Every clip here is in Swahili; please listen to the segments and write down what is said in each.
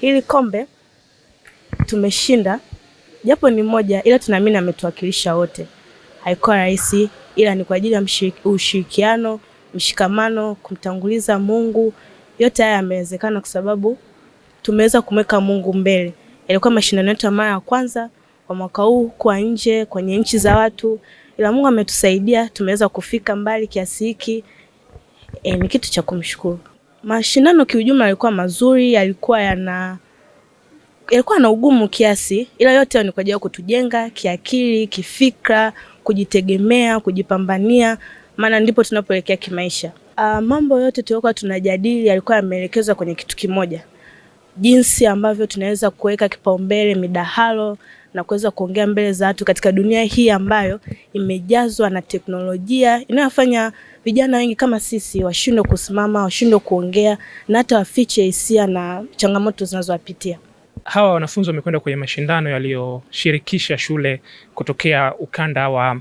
Hili kombe tumeshinda japo ni moja, ila tunaamini ametuwakilisha wote. Haikuwa rahisi, ila ni kwa ajili ya ushirikiano, mshikamano, kumtanguliza Mungu. Yote haya yamewezekana kwa sababu tumeweza kumweka Mungu mbele. Yalikuwa mashindano yetu ya mara ya kwanza kwa mwaka huu kwa nje, kwenye nchi za watu, ila Mungu ametusaidia, tumeweza kufika mbali kiasi hiki. E, ni kitu cha kumshukuru. Mashindano kiujumla yalikuwa mazuri, yalikuwa yana yalikuwa na ugumu kiasi, ila yote ni kwa ajili ya kutujenga kiakili, kifikra, kujitegemea, kujipambania, maana ndipo tunapoelekea kimaisha. Uh, mambo yote tuliokuwa tunajadili yalikuwa yameelekezwa kwenye kitu kimoja, jinsi ambavyo tunaweza kuweka kipaumbele midahalo na kuweza kuongea mbele za watu katika dunia hii ambayo imejazwa na teknolojia inayofanya vijana wengi kama sisi washindwe kusimama, washindwe kuongea na hata wafiche hisia na changamoto zinazowapitia. Hawa wanafunzi wamekwenda kwenye mashindano yaliyoshirikisha shule kutokea ukanda wa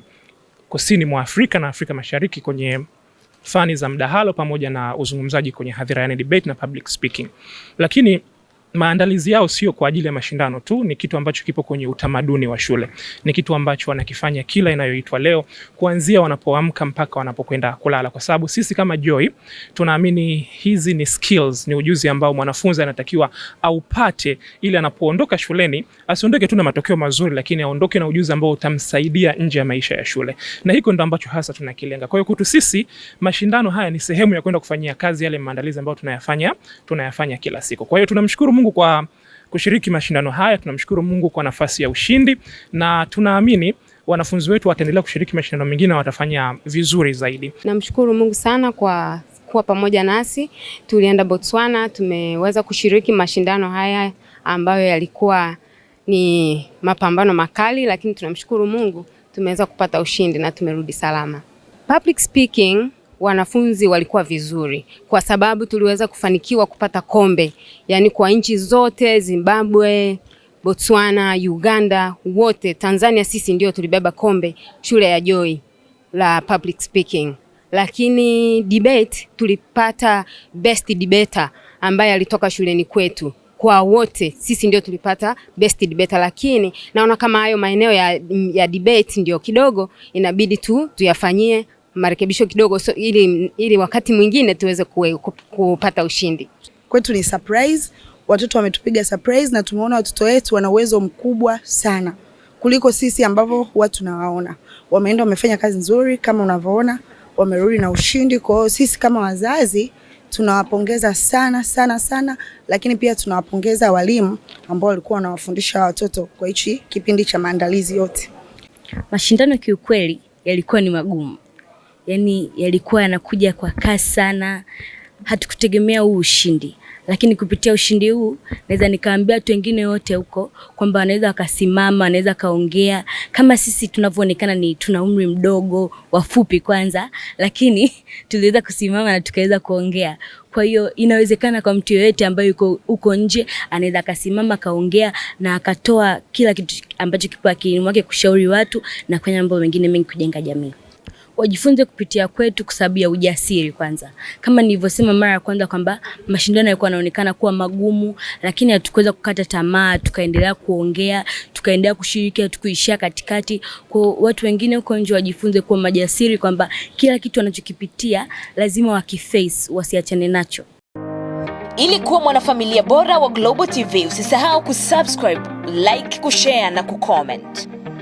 kusini mwa Afrika na Afrika Mashariki kwenye fani za mdahalo pamoja na uzungumzaji kwenye hadhira, yani debate na public speaking. Lakini maandalizi yao sio kwa ajili ya mashindano tu, ni kitu ambacho kipo kwenye utamaduni wa shule, ni kitu ambacho wanakifanya kila inayoitwa leo, kuanzia wanapoamka mpaka wanapokwenda kulala, kwa sababu sisi kama Joy tunaamini hizi ni skills, ni ujuzi ambao mwanafunzi anatakiwa aupate ili anapoondoka shuleni asiondoke tu na matokeo mazuri, lakini aondoke na ujuzi ambao utamsaidia nje ya maisha ya shule, na hiko ndo ambacho hasa tunakilenga. Kwa hiyo kwetu sisi mashindano haya ni sehemu ya kwenda kufanyia kazi yale maandalizi ambayo tunayafanya tunayafanya kila siku. Kwa hiyo tunamshukuru Mungu Mungu kwa kushiriki mashindano haya, tunamshukuru Mungu kwa nafasi ya ushindi na tunaamini wanafunzi wetu wataendelea kushiriki mashindano mengine na watafanya vizuri zaidi. Namshukuru Mungu sana kwa kuwa pamoja nasi. Tulienda Botswana, tumeweza kushiriki mashindano haya ambayo yalikuwa ni mapambano makali, lakini tunamshukuru Mungu tumeweza kupata ushindi na tumerudi salama. Public speaking wanafunzi walikuwa vizuri, kwa sababu tuliweza kufanikiwa kupata kombe, yaani kwa nchi zote Zimbabwe, Botswana, Uganda, wote Tanzania, sisi ndio tulibeba kombe shule ya Joy la public speaking. Lakini debate tulipata best debater ambaye alitoka shuleni kwetu kwa wote sisi ndio tulipata best debate, lakini naona kama hayo maeneo ya, ya debate ndio kidogo inabidi tu tuyafanyie marekebisho kidogo, so ili, ili wakati mwingine tuweze kupata ushindi. Kwetu ni surprise, watoto wametupiga surprise na tumeona watoto wetu wana uwezo mkubwa sana kuliko sisi ambavyo watu tunawaona. Wameenda wamefanya kazi nzuri kama unavyoona, wamerudi na ushindi. Kwa hiyo sisi kama wazazi tunawapongeza sana sana sana, lakini pia tunawapongeza walimu ambao walikuwa wanawafundisha watoto kwa hichi kipindi cha maandalizi yote. Mashindano kiukweli yalikuwa ni magumu yani yalikuwa yanakuja kwa kasi sana, hatukutegemea huu ushindi, lakini kupitia ushindi huu naweza nikaambia watu wengine wote huko kwamba wanaweza wakasimama, wanaweza kaongea kama sisi tunavyoonekana, ni tuna umri mdogo, wafupi kwanza, lakini tuliweza kusimama na tukaweza kuongea. Kwa hiyo inawezekana kwa mtu yoyote ambaye yuko huko nje anaweza akasimama akaongea na akatoa kila kitu ambacho kipo akilini mwake kushauri watu na kwenye mambo mengine mengi kujenga jamii wajifunze kupitia kwetu, kwa sababu ya ujasiri kwanza. Kama nilivyosema mara ya kwanza kwamba mashindano yalikuwa yanaonekana kuwa magumu, lakini hatukuweza kukata tamaa, tukaendelea kuongea, tukaendelea kushiriki, hatukuishia katikati. Kwa watu wengine huko nje wajifunze kuwa majasiri, kwamba kila kitu wanachokipitia lazima wakiface, wasiachane nacho. Ili kuwa mwanafamilia bora wa Global TV, usisahau kusubscribe, like, kushare na kucomment.